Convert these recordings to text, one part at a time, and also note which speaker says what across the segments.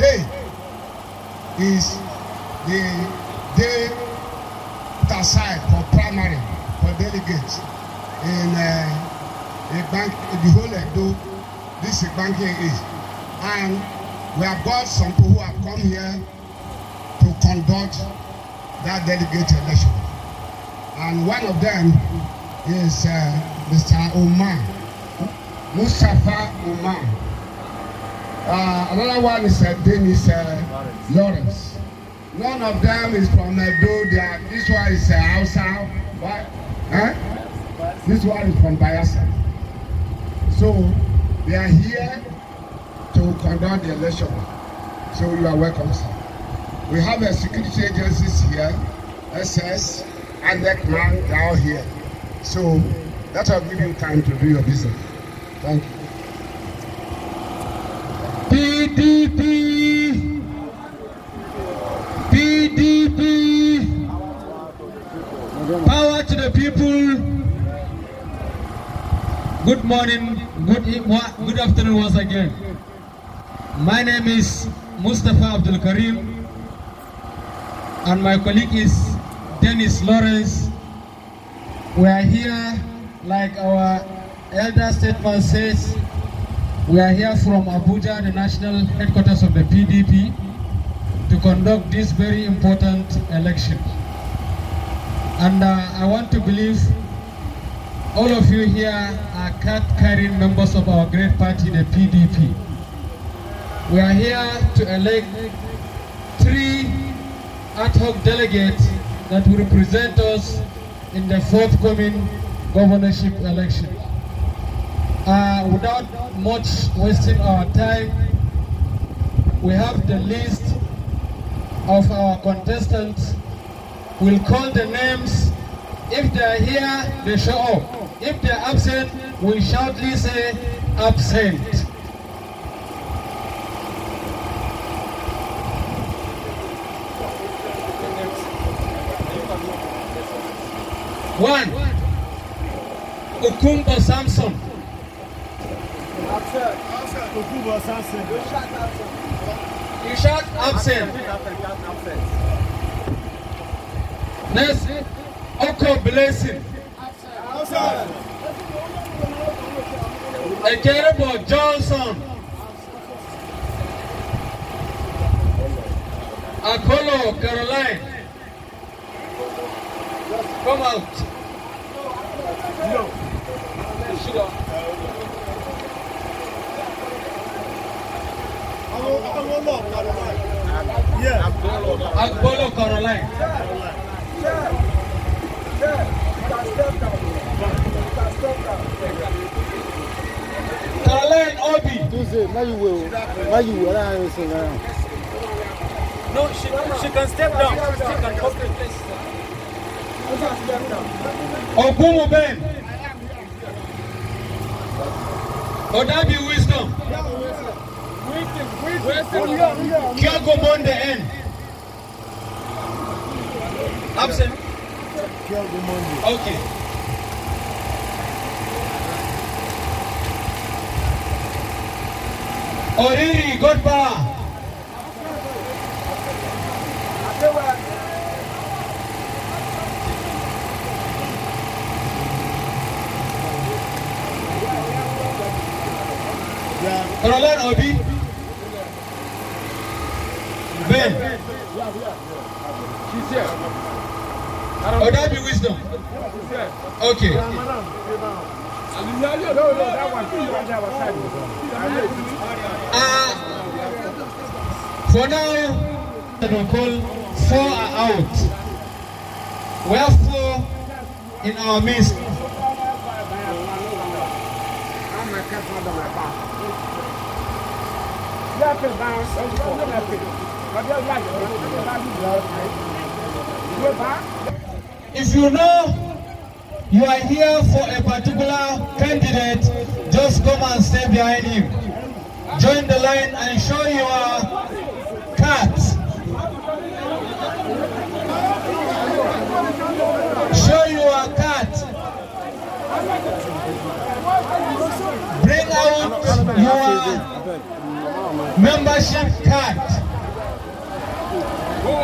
Speaker 1: today is the day aside for primary for delegates in uh, a bank in the whole Edo this banking is and we have got some people who have come here to conduct that delegate election and one of them is uh, Mr. Omar Mustafa Omar. Uh, another one is uh, Dennis uh, Lawrence. Lawrence. None of them is from Edo. Uh, this one is uh, Hausa. What? Huh? This one is from Bayelsa. So they are here to conduct the election. So you are welcome, sir. We have a security agencies here, SS, and that man, they are all here. So that will give you time to do your business. Thank you.
Speaker 2: PDP PDP Power to the people Good morning, good, good afternoon once again. My name is Mustafa Abdul Karim and my colleague is Dennis Lawrence. We are here like our elder statesman says we are here from Abuja, the national headquarters of the PDP, to conduct this very important election. And uh, I want to believe all of you here are card-carrying members of our great party, the PDP. We are here to elect three ad hoc delegates that will represent us in the forthcoming governorship election. Uh, without much wasting our time, we have the list of our contestants. We'll call the names. If they are here, they show up. If they are absent, we shoutly say absent. One, Okumba Samson outside. Outside. The Kuba is absent. Your shot absent. Your shot absent. Next, Oko Blessing. Outside. Ekerebo Johnson. Akolo Caroline. Come out. No. Shoot off.
Speaker 1: Yes. Agbolo Caroline. Yes. Yes. Caroline Obi. Tuesday, now you will. Now you will. I will say now.
Speaker 2: No, she, she can step down. She can come to place. Ogumu Ben. Odabi Wisdom. Yeah, wisdom. Kiago the N. Absent. the end. Okay. Oriri Yeah. Caroline Obi.
Speaker 1: Oh, that be wisdom.
Speaker 2: Okay. Uh, for now, the call
Speaker 1: four are out. Wherefore, in our midst.
Speaker 2: I'm If you know you are here for a particular candidate, just come and stand behind him. Join the line and show your cards. Show your cards. Bring out your membership card. We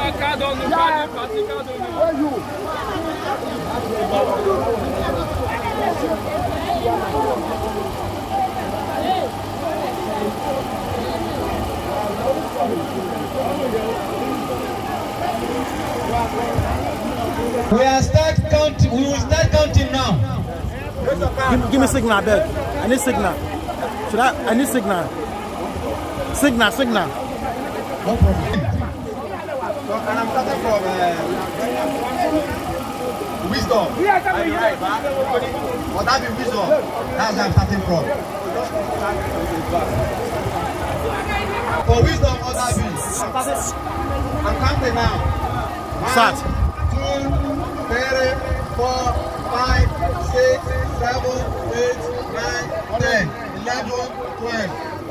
Speaker 2: are start counting. We will start counting now. Give, give me signal, I beg. I need signal.
Speaker 1: Should I? I need signal. Signal, signal. No problem. from uh, wisdom. But that be wisdom. That's where I'm starting from. For wisdom, what that be? I'm counting now. One, Start. two, three, four, five, six, seven, eight, nine, ten, eleven, twelve.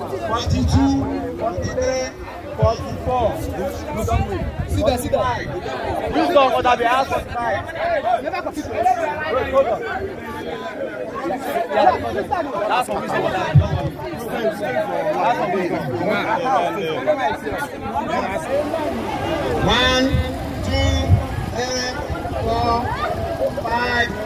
Speaker 1: forty two forty three forty four see there see on. this dog for that be house for tonight never go fit wait hold on one two three four five.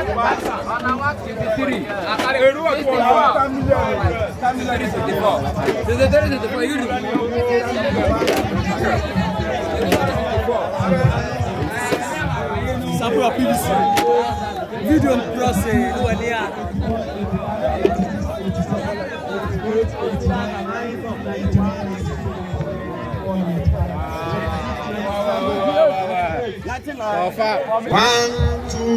Speaker 2: 63 eru wa ko wa 64 64 yulu
Speaker 1: One, two,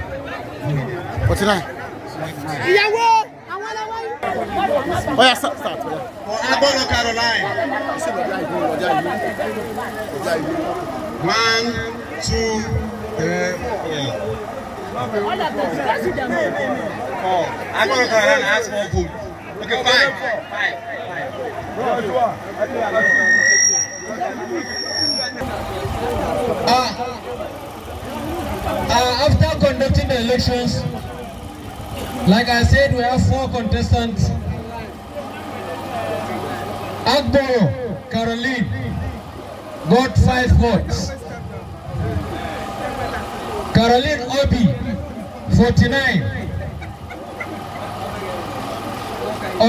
Speaker 1: forty nine. ìyàwó àwọn ọlọ́wọ́ yìí. ọ̀yà oh, start start. agbọ́dọ̀ oh, Caroline. one two three four. four Caroline has four goal. okay five five.
Speaker 2: Ah. Uh, after conducting the elections, like I said, we have four contestants. Agbo Caroline got five votes. Caroline Obi, 49.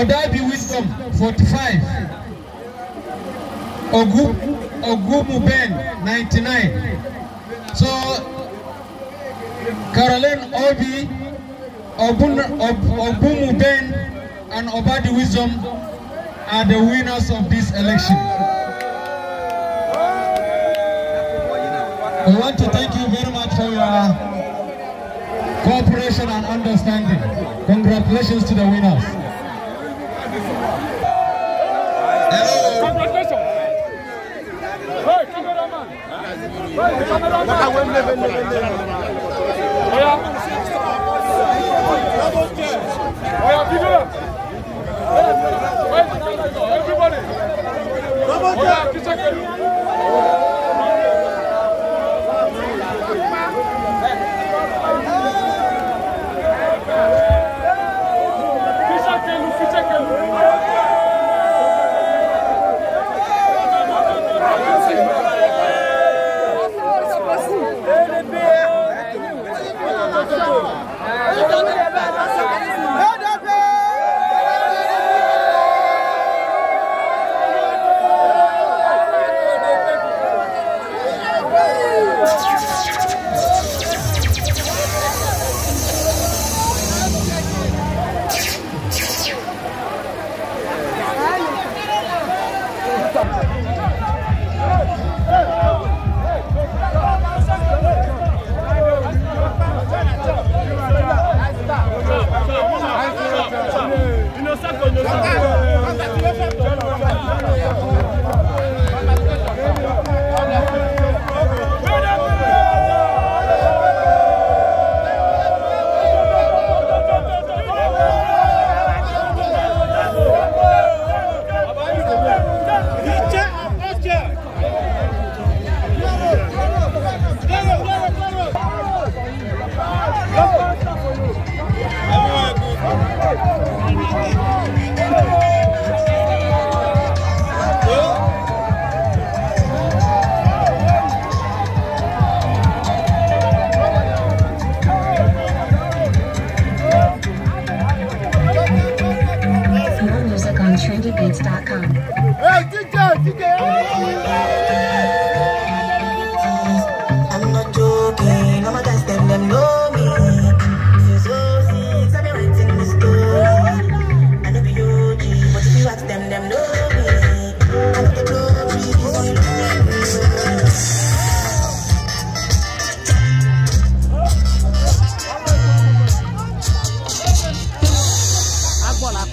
Speaker 2: Odabi Wisdom, 45. Ogu, Ogumu Ben, 99. So Caroline Obi, Obun, Ob, Obumu Ben, and Obadi Wisdom are the winners of this election. We want to thank you very much for your cooperation and understanding. Congratulations to the winners. Hello.
Speaker 1: Everybody! Double check!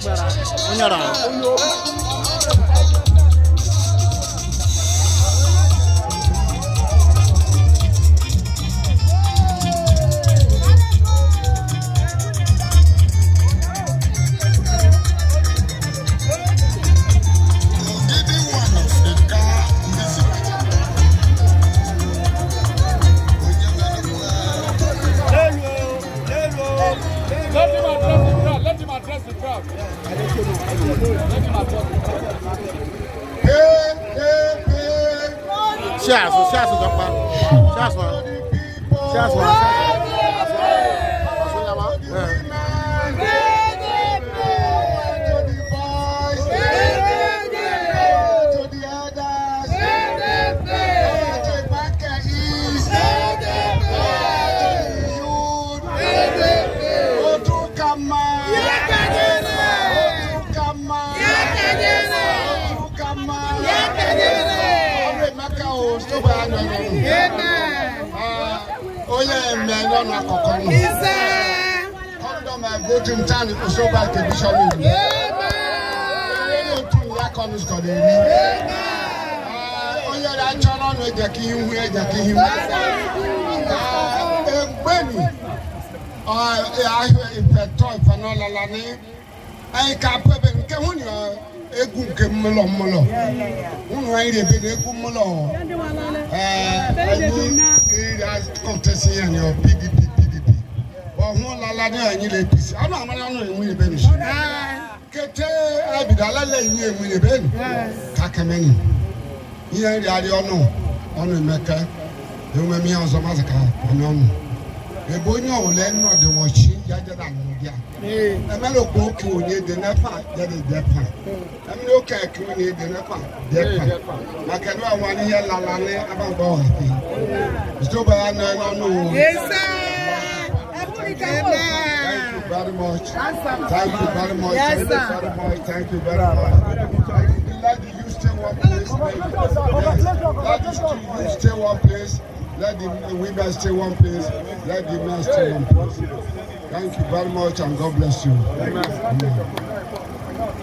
Speaker 1: u n y a r a Unyaran. Shots, shots, shots, shots, shots, shots, shots, shots, ọ̀nà àkọ́kọ́ ni. Iṣẹ́. Kọ́ńdọ̀mù àgbójú ń tán ní Kùsùnbà àgbègbè sọ́mi. Èrè ní otu ìyá kọ́nù sọ̀rọ̀ èmi. Onye ọrịa chọrọ ọnụ eje ka ihu eje ka ihu. Egbeni ahịa infector ifenolala ni. Ẹ̀ka pẹ̀bẹ̀ nke nwunye ọ̀hún egwu nke mmụlọ mmụlọ ụmụ anyị na-ebe na egwu mmụlọ anyị ya na PDP PDP ọhụlala na anyị na APC anụ amara anụ enwe ebe nụ kete ebido alala enye enwe ebe nụ kakemeni ihe nrịarị ọnụ ọnụ emeka emume ihe ọzọ mazaka onye ọnụ ebo nye ole nọ dị wọchi jadịra n'ụbịa emere okpo oke onye dị n'efa jadị depa emere oke eke onye dị n'efa depa maka na ọwa n'ihe lala ní abagba ọhafe ìjọba ya nọ n'ọnụ ụwa. Thank you very much. Thank you very much. Yes, Thank you very much. Thank you very much. That you stay one place. That you stay one place. Let the, women stay one place. Let the men stay one place. Thank you very much and God bless you. Amen. Amen.